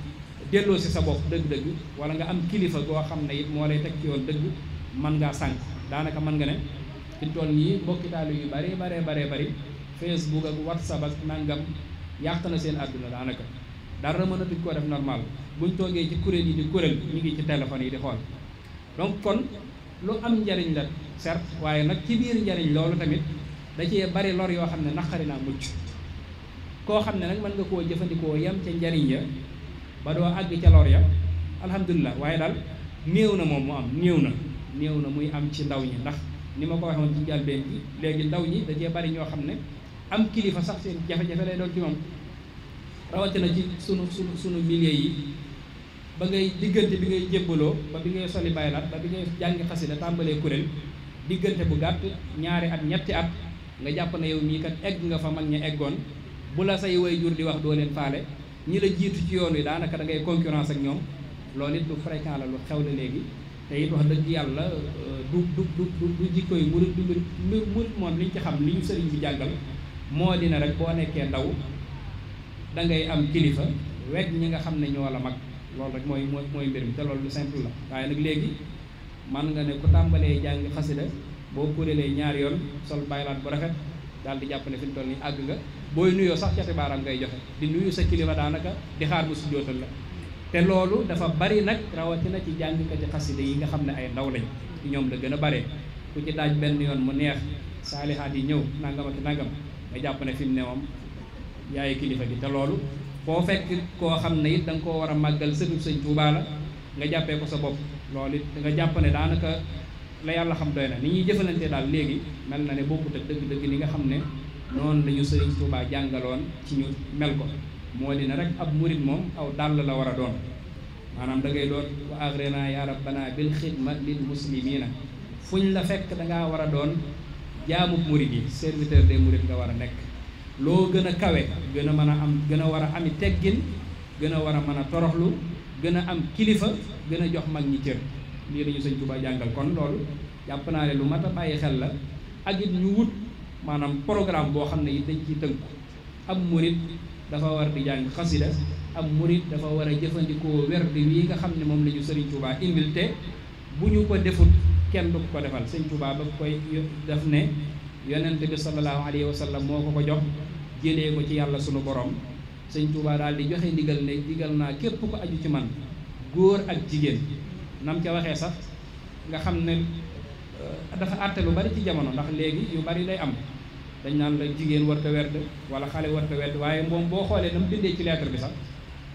delloo si sa bopp dëgg-dëgg wala nga am kilifa goo xam ne it moo lay teg ci yoon dëgg mën ngaa sànq daanaka mën nga ne fi toll nii mbokki taalu yu bare bare bare bari Facebook ak WhatsApp ak nangam yàq na seen àdduna daanaka dara mënatuñ koo def normal buñ toogee ci kuréel yi di kuréel ñu ngi ci téléphone yi di xool donc kon lu am njariñ la certes waaye nag ci biir njariñ loolu tamit da bari lor yoo xam ne naqari naa mucc koo xam ne nag mën nga koo jëfandikoo yem ca njariñ ya ba doo àgg ca lor ya alhamdulilah waaye daal néew na moom mu am néew na néew na muy am ci ndaw ñi ndax ni ma ko waxoon ci njëlbeen bi léegi ndaw ñi da cee bari ñoo xam ne am kilifa sax seen jafe-jafe lay doon ci moom rawatina ci sunu sunu sunu milieu yi ba ngay diggante bi ngay jébbaloo ba bi ngay soli baylaat ba bi ngay jàngi xasida tàmbalee kuréel diggante bu gàtt ñaari at ñetti at nga jàpp na yow mii kat egg nga fa mag ña eggoon bu la say way jur di wax doo leen faale ñi la jiitu ci yoon wi daanaka dangay ngay concurrence ak ñoom loolu it lu fréquent la lu xew la léegi te it wax dëgg yàlla euh, du du du jikko yi murit du murit moom liñ ci xam li ñu sëriñ bi moo dina rek boo nekkee ndaw da ngay am kilifa wet ñi nga xam ne ñoo la mag loolu rek mooy mooy mbir mi te loolu lu simple la waaye nag léegi man nga ne ku tàmbalee jàng xasida boo kuréelee ñaar yoon sol baylaat bu rafet daal di jàpp ne fi mu àgg nga booy nuyoo sax cati baaraam ngay joxe di nuyu sa kilifa daanaka di xaar mu sujjootal la te loolu dafa bari nag rawatina ci jàngkati xasida yi nga xam ne ay ndaw lañ ci ñoom la gën a bare ku ci daaj yoon mu neex saalihaat yi ñëw nangam ak nga jàpp ne fi mu ne moom yaay kilifa bi te loolu foo fekk koo xam ne it danga nga koo war a màggal sëtu sëñ Tuubaa la nga jàppee ko sa bopp loolu it nga jàpp daanaka la yàlla xam doy na ni ñuy jëfalante daal léegi mel na ne bokkut ak dëgg-dëgg li nga xam ne noonu la ñu sëriñ Tuubaa jàngaloon ci ñu mel ko moo di rek ab murit moom aw dàll la war a doon maanaam da ngay doon wa agrina ya rabbana bil xidma lil muslimina fuñ la fekk dangaa war a doon jaamub murid yi serviteur des murid nga war a nekk loo gën a kawe gën a mën a am gën a war a ami teggin gën a war a mën a toroxlu gën a am kilifa gën a jox mag ñi cër lii dañu sëñ Tuubaa jàngal kon loolu jàpp naa ne lu mat a bàyyi xel la ak it ñu wut maanaam programme boo xam ne it dañ ciy tënku ab murid dafa war di jàng xasida ab murid dafa war a jëfandikoo werd wi nga xam ne moom la ñu sëriñ Tuubaa indil te bu ñu ko defut kenn du ko defal sëñ Tuubaa ba koy def ne yonent bi sallallahu alayhi wa sallam moo ko ko jox jëlee ko ci yàlla sunu boroom sëñ Tuubaa daal di joxe ndigal ne digal naa képp ko aju ci man góor ak jigéen nam ca waxee sax nga xam ne euh, dafa àtte lu bari ci jamono ndax léegi yu bari day am dañ naan la jigéen warta werd wala xale warta werd waaye moom boo xoolee na mu bindee ci lettre bi sax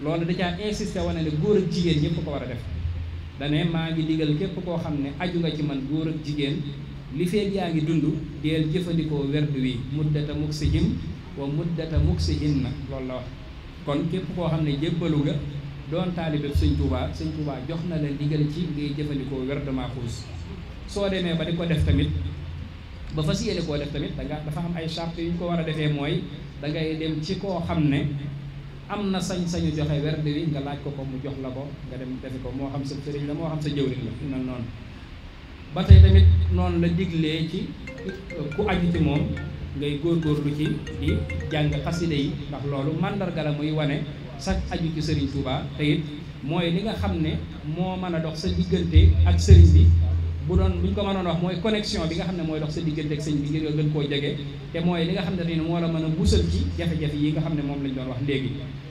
loolu da caa insisté wane ne góor ak jigéen ñëpp ko war a def dane maa ngi digal képp koo xam ne aju nga ci man góor ak jigéen li feeg yaa ngi dund deel jëfandikoo werdu wi muddata muksijin wa muddata muksijin na loolu la wax kon képp koo xam ne jébbalu nga doon taalibe suñ Tuubaa suñ Tuubaa jox na la digal ci ngay jëfandikoo werdu Maaxuus soo demee ba di ko def tamit ba fas yéene koo def tamit danga dafa am ay charte yu ñu ko war a defee mooy dangay dem ci koo xam ne am na sañ-sañu joxe werd wi nga laaj ko ko mu jox la ko nga dem defe ko moo xam sa sëriñ la moo xam sa jëwriñ la mel noonu ba tey tamit noonu la diglee ci ku aju moom ngay góorgóorlu ci di jàng xasida yi ndax loolu màndarga la muy wane sax aju ci sëriñ Touba te it mooy li nga xam ne moo mën a dox sa diggante ak sëriñ bi bu doon bu ñu ko mënoon wax mooy connexion bi nga xam ne mooy dox sa diggante ak sëñ bi ngir nga gën koo jege te mooy li nga xam ne moo la mën a busal ci jafe-jafe yi nga xam ne moom lañ doon wax léegi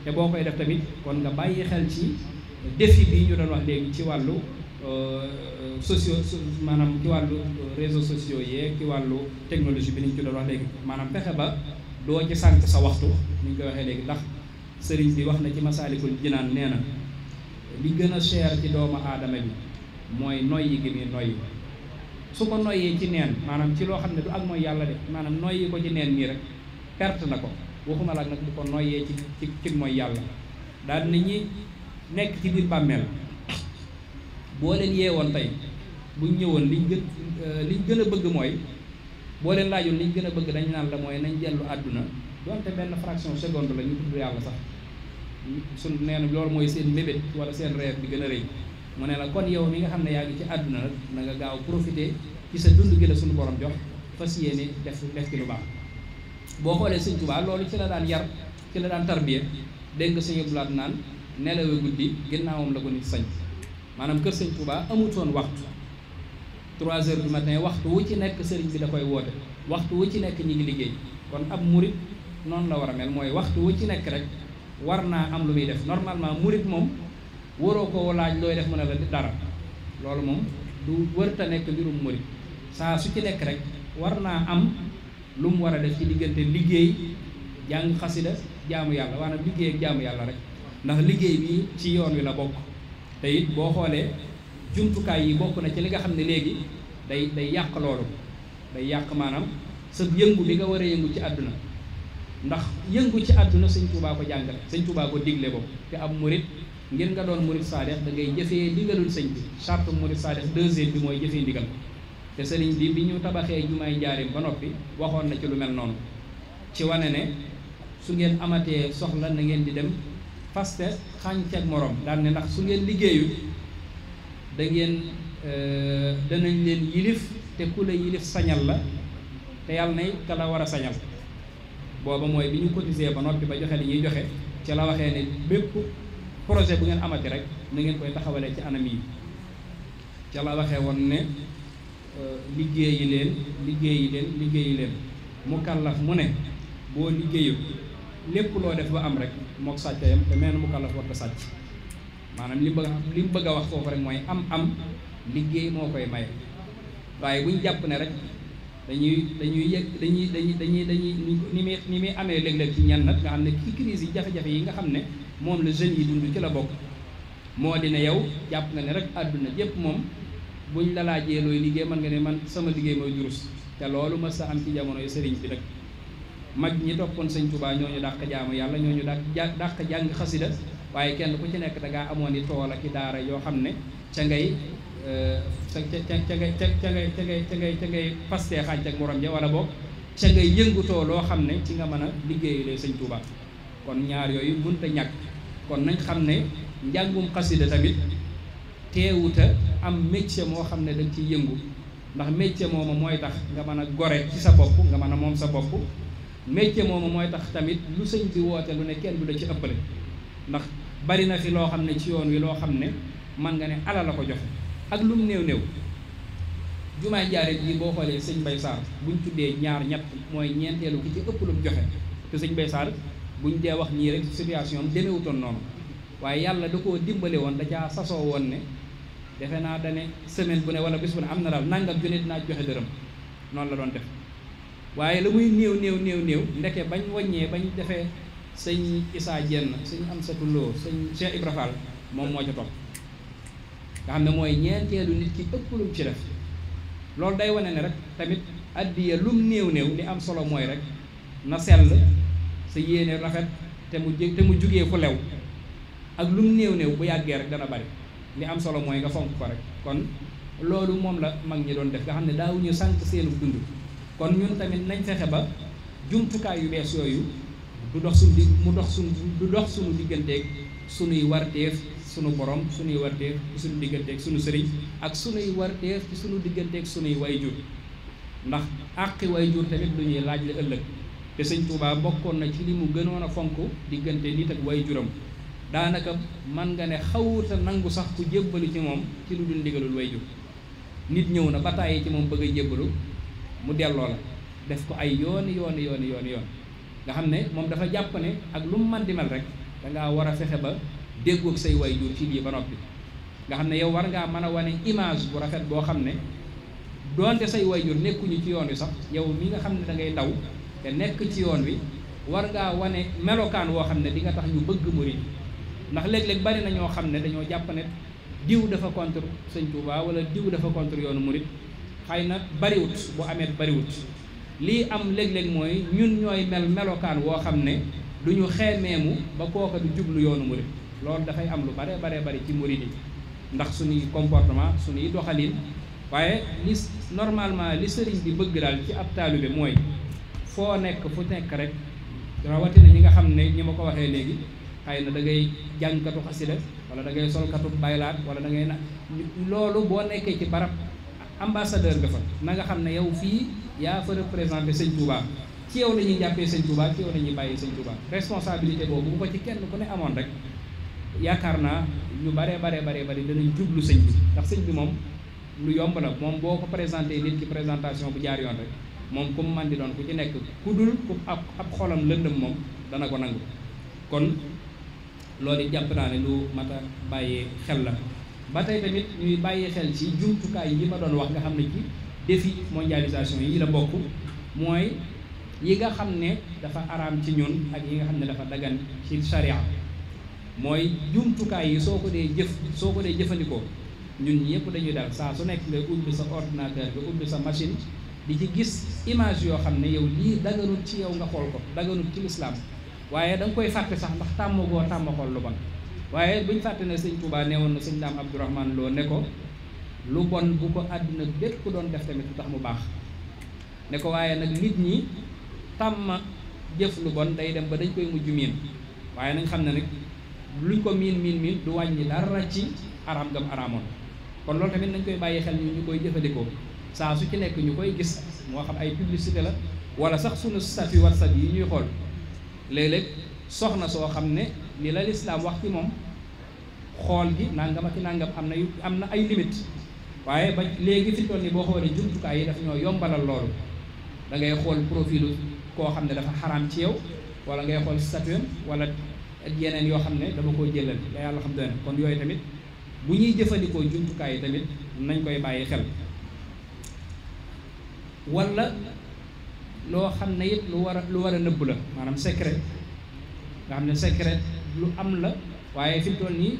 te boo koy def tamit kon nga bàyyi xel ci défi bi ñu doon wax léegi ci wàllu euh, euh, sociaux maanaam ci wàllu euh, réseaux sociaux yeeg ci wàllu technologie bi ni ñu ci doon wax léegi maanaam fexe ba doo ci sànq sa waxtu ni ñu koy waxee léegi ndax sëriñ bi wax na ci masaalikul jinaan nee na li gën a cher ci doomu aadama bi mooy noyyi gi muy noyyi su ko noyyee ci neen maanaam ci loo xam ne du ak mooy yàlla de maanaam noyyi ko ci neen nii rek perte na ko waxuma laak nag di ko noyyee ci ci ci mooy yàlla daal ni ñi nekk ci biir bàmmeel boo leen woon tey buñ ñëwoon liñ gën euh, liñ gën a bëgg mooy boo leen laajoon liñ gën a bëgg dañ naan la mooy nañ dellu àdduna donte benn fraction seconde la ñu tudd yàlla sax suñ neen loolu mooy seen mébét wala seen rêve bi gën a rëy mu ne la kon yow mi nga xam ne yàgg ci àdduna nag na nga gaaw profité ci sa dund gi la suñu borom jox fas yéene def def ci lu baax boo xoolee sëñ tubaa loolu ci la daan yar ci la daan tarbiya dégg nga sëñ Abdulaat naan nelawe guddi ginnaawam la ko nit sañ maanaam kër sëñ Tuubaa amutoon waxtu 3 heures du matin waxtu wu ci nekk sëriñ bi da koy woote waxtu wu ci nekk ñi ngi liggéey kon ab murit noonu la war a mel mooy waxtu wu ci nekk rek war naa am lu muy def normalement murit moom waroo ko laaj looy def mu ne la dara loolu moom du wërta nekk mbirum murit saa su ci nekk rek war lu mu war a def ci diggante liggéey jàng xasida jaamu yàlla waanaam liggéey ak jaamu yàlla rek ndax liggéey bi ci yoon wi la bokk te boo xoolee jumtukaay yi bokk na ci li nga xam ne léegi day day yàq loolu day yàq maanaam sa yëngu bi nga war a yëngu ci àdduna ndax yëngu ci àdduna sëñ Tuubaa ko jàngale sëñ Tuubaa ko digle boobu te ab murit ngir nga doon murit saadex da ngay jëfee ndigalul sëñ bi charte murit saadex deuxième bi mooy jëfee ndigal te sëriñ bi bi ñu tabaxee jumaay njaarim ba noppi waxoon na ci lu mel noonu ci wane ne su ngeen amatee soxla na ngeen di dem faste xànceeg morom daan ne ndax su ngeen liggéeyu da ngeen euh, danañ leen yilif te ku la yilif sañal la te yàlla nay ka la war a sañal booba mooy bi ñu cotisé ba noppi ba joxe li ñuy joxe ca la waxee ne bépp projet bu ngeen amati rek na ngeen koy taxawalee ci anam yi ci la waxee woon ne Euh, liggéeyi leen liggéeyi leen liggéeyi leen mu kàllaf mu ne boo liggéeyu lépp loo def ba am rek moo sàcca yam te meen mu kàllaf war ko sàcc maanaam li mu bëgg li mu bëgg a wax foofu rek mooy am am liggéey moo koy may waaye buñ jàpp ne rek dañuy dañuy yëg dañuy dañuy dañuy dañuy ni muy ni muy amee léeg-léeg ci ñenn nag nga xam ne ci crise yi jafe-jafe yi nga xam ne moom la jeunes yi dund ci la bokk moo di ne yow jàpp na ne rek àdduna yépp moom buñ la laajee looy liggéey man nga ne man sama liggéey mooy durus te loolu mas sa am ci jamono yu ya sëriñ bi nag mag ñi toppoon sëñ Tuubaa ñooñu dàq jaamu yàlla ñooñu dàq dàq jàng xasida waaye kenn ku ci nekk da ngaa amoon i tool ak i daara yoo xam ne ca ngay euh, ca ca ngay ca ngay ca ngay ca ngay ca ngay pastee xànc ak borom ja wala boog ca ngay yëngutoo loo xam ci nga mën a liggéeyalee sëñ Tuubaa kon ñaar yooyu mënut a ñàkk kon nañ xam ne njàngum tamit teewuta am métier moo xam ne dañ ciy yëngu ndax métier moomu mooy tax nga mën a gore ci sa bopp nga mën a moom sa bopp métier moomu mooy tax tamit lu sëñ bi woote lu ne kenn du da ci ëppale ndax bari na fi loo xam ne ci yoon wi loo xam ne man nga ne ala ko joxe ak lum néew néew jumaay jaare ji xoolee sëñ Bay buñ tuddee ñaar ñett mooy ñeenteelu ki ëpp lu mu joxe te sëñ Bay Sarr buñ dee wax ñii rek situation am demewutoon noonu waaye yàlla da ko dimbale woon da caa sasoo woon ne defe naa dane semaine bu ne wala bés bu ne am na daal nangam junne dinaa joxe dërëm noonu la doon def waaye la muy néew néew néew néew ndeke bañ wàññee bañ defee sëñ Isaa Jenn sëñ Amsatu Lo sëñ Cheikh Ibra Fall moom moo ca topp nga xam ne mooy ñeenteelu nit ki ëpp lu ci def loolu day wane ne rek tamit addiya lum néew néew ni am solo mooy rek na sell sa yéene rafet te mu te mu jugee fu lew ak lum néew néew bu yàggee rek dana bari li am solo mooy nga fonk ko rek kon loolu moom la mag ñi doon def nga xam ne daawuñu sant seenu dund kon ñun tamit nañ fexe ba jumtukaay yu bees yooyu du dox su di mu dox suñu du dox suñu digganteeg suñuy warteef suñu borom suñuy warteef ci suñu digganteeg suñu sëriñ ak suñuy warteef ci suñu digganteeg way jur ndax àqi jur tamit lu ñuy laaj la ëllëg te sëñ Touba bokkoon na ci li mu gënoon a fonk diggante nit ak wayjuram daanaka man nga ne xawuta nangu sax ku jébbalu ci moom ci lu dul way wayjur nit ñëw na ba tàyyi ci moom bëgg a jébbalu mu delloo la def ko ay yooni yooni yooni yooni yoon nga xam ne moom dafa jàpp ne ak lu mu man di mel rek dangaa war a fexe ba déggoog say way jur ci lii ba noppi nga xam ne yow war ngaa mën a wane image bu rafet boo xam ne doonte say jur nekkuñu ci yoon wi sax yow mi nga xam ne da ngay ndaw te nekk ci yoon wi war ngaa wane melokaan woo xam ne di nga tax ñu bëgg ndax léeg-léeg bari na ñoo xam ne dañoo jàpp ne diw dafa contre sëñ Touba wala diw dafa contre yoonu murit xëy na bariwut bu amee bariwut lii am léeg-léeg mooy ñun ñooy mel melokaan woo xam ne du ñu mu ba kooka du jublu yoonu murit loolu dafay am lu bare bare bari ci murit yi ndax suñuy comportement suñuy doxalin waaye li normalement li sëriñ bi bëgg daal ci ab taalibe mooy foo nekk fu nekk rek rawatina ñi nga xam ne ñi ma ko waxee léegi xëy na da ngay jàngkatu xasida wala da ngay solkatu baylaat wala da ngay na loolu boo nekkee ci barab ambassadeur nga fa na xam ne yow fii yaa fa représenté sëñ Touba ci yow la ñuy jàppee sëñ Touba ci yow la ñuy bàyyi sëñ Touba responsabilité boobu bu ko ci kenn ku ne amoon rek yaakaar naa ñu baree baree baree bari danañ jublu sëñ bi ndax sëñ bi moom lu yomb la moom boo ko présenté nit ci présentation bu jaar yoon rek moom ku mu man di doon ku ci nekk ku dul ku ab ab xolam lëndëm dana ko nangu loolu it jàpp naa ne lu mat a bàyyee xel la ba tey tamit ñuy bàyyi xel ci jumtukaay yi ma doon wax nga xam ne ci défi mondialisation yi la bokk mooy yi nga xam ne dafa araam ci ñun ak yi nga xam ne dafa dagan ci sharia mooy jumtukaay yi soo ko dee jëf soo ko dee jëfandikoo ñun ñëpp dañuy dal saa su nekk nga ubbi sa ordinateur nga ubbi sa machine di ci gis image yoo xam ne yow lii daganul ci yow nga xool ko daganul ci lislaam waaye da koy fàtte sax ndax tàmmagoo tàmmakool lu bon waaye bañ fàtte ne sëñ Touba woon na sëñ Daam Abdourahman loo ne ko lu bon bu ko àdduna bépp ku doon def tamit lu tax mu baax ne ko waaye nag nit ñi tàmma jëf lu bon day dem ba dañ koy mujj miin waaye nañ xam ne nag luñ ko miin miin miin du wàññi dara ci araam gam araamoon kon loolu tamit nañ koy bàyyi xel ñu ñu koy jëfandikoo saa su ci nekk ñu koy gis moo xam ay publicité la wala sax sunu statut WhatsApp yi ñuy xool léeg-léeg soxna soo xam ne ni la lislaam wax ci moom xool gi nangam ak nangam am na am na ay limite waaye ba léegi fi toll nii boo xoolee jumtukaay yi dafa ñoo yombalal loolu da ngay xool profilu koo xam ne dafa xaram ci yow wala ngay xool statut wala ak yeneen yoo xam ne dama koo jëlal la yàlla xam dana kon yooyu tamit bu ñuy jëfandikoo jumtukaay yi tamit nañ koy bàyyi xel wala loo xam ne it lu war lu war a nëbb la maanaam secret nga xam ne secret lu am la waaye fi mu toll nii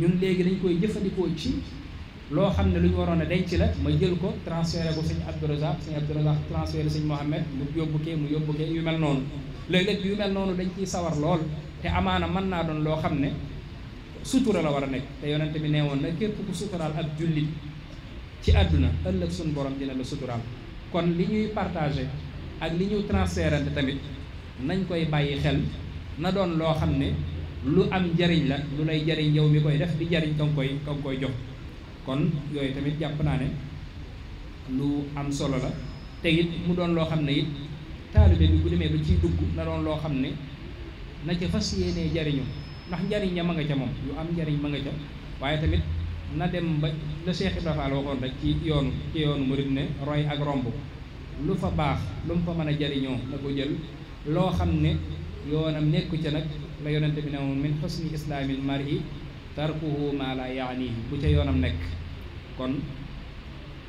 ñun léegi dañ koy jëfandikoo ci loo xam ne lu ñu waroon a denc la ma jël ko transféré ko sëñ Abdourazaq sëñ Abdourazaq transféré sëñ Mohamed mu yóbbu kee mu yóbbu kee yu mel noonu léeg-léeg noonu dañ koy sawar lool te amaana mën naa doon loo xam ne sutura la war a nekk te yonente bi nee woon na képp ku suturaal ab jullit ci àdduna ëllëg suñu borom dina la ak li ñu transférante tamit nañ koy bàyyi xel na doon loo xam ne lu am njariñ la lu lay jariñ yow mi koy def di jariñ ka nga koy ka koy jox kon yooyu tamit jàpp naa ne lu am solo la tegit mu doon loo xam ne it taalibe bi bu demee ba ciy dugg na doon loo xam ne na ca fas yéenee jariñu ndax njariñ ya ma nga ca moom lu am njariñ ma nga ca waaye tamit na dem ba la Cheikh Ibrahima waxoon rek ci yoonu ci yoonu murid ne roy ak romb lu fa baax lu mu fa mën a jariñoo na ko jël loo xam ne yoonam nekku ca nag la yonente bi ne moom min xusni islaamil mar'i tarkuhu maa la yaanihi bu ca yoonam nekk kon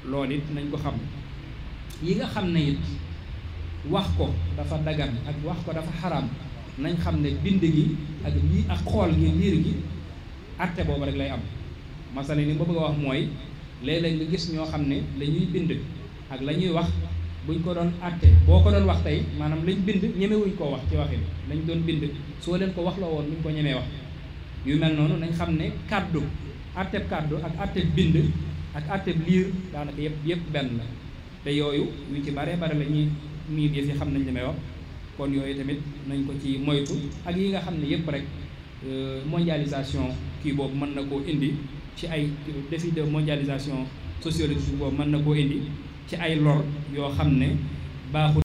lool it nañ ko xam yi nga xam ne it wax ko dafa dagan ak wax ko dafa xaraam nañ xam ne bind gi ak lii ak xool gi liir gi atte boobu rek lay am masala ni ma bëgg a wax mooy léeg-léeg nga gis ñoo xam ne lañuy ñuy bind ak la ñuy wax buñ ko doon atte boo ko doon wax tey maanaam liñ bind ñemewuñ koo wax ci waxin lañ doon bind soo leen ko wax la woon luñ ko ñemee wax yu mel noonu nañ xam ne kàddu atteb kàddu ak atteb bind ak atteb liir daanaka yëpp yëpp benn la te yooyu ñu ci bare bare la ñuy nii di fi xam nañ li may wax kon yooyu tamit nañ ko ci moytu ak yi nga xam ne yëpp rek euh, mondialisation kii boobu mën na koo indi ci ay défi de mondialisation sociologique boobu mën na koo indi ci ay lor yoo xam ne baaxul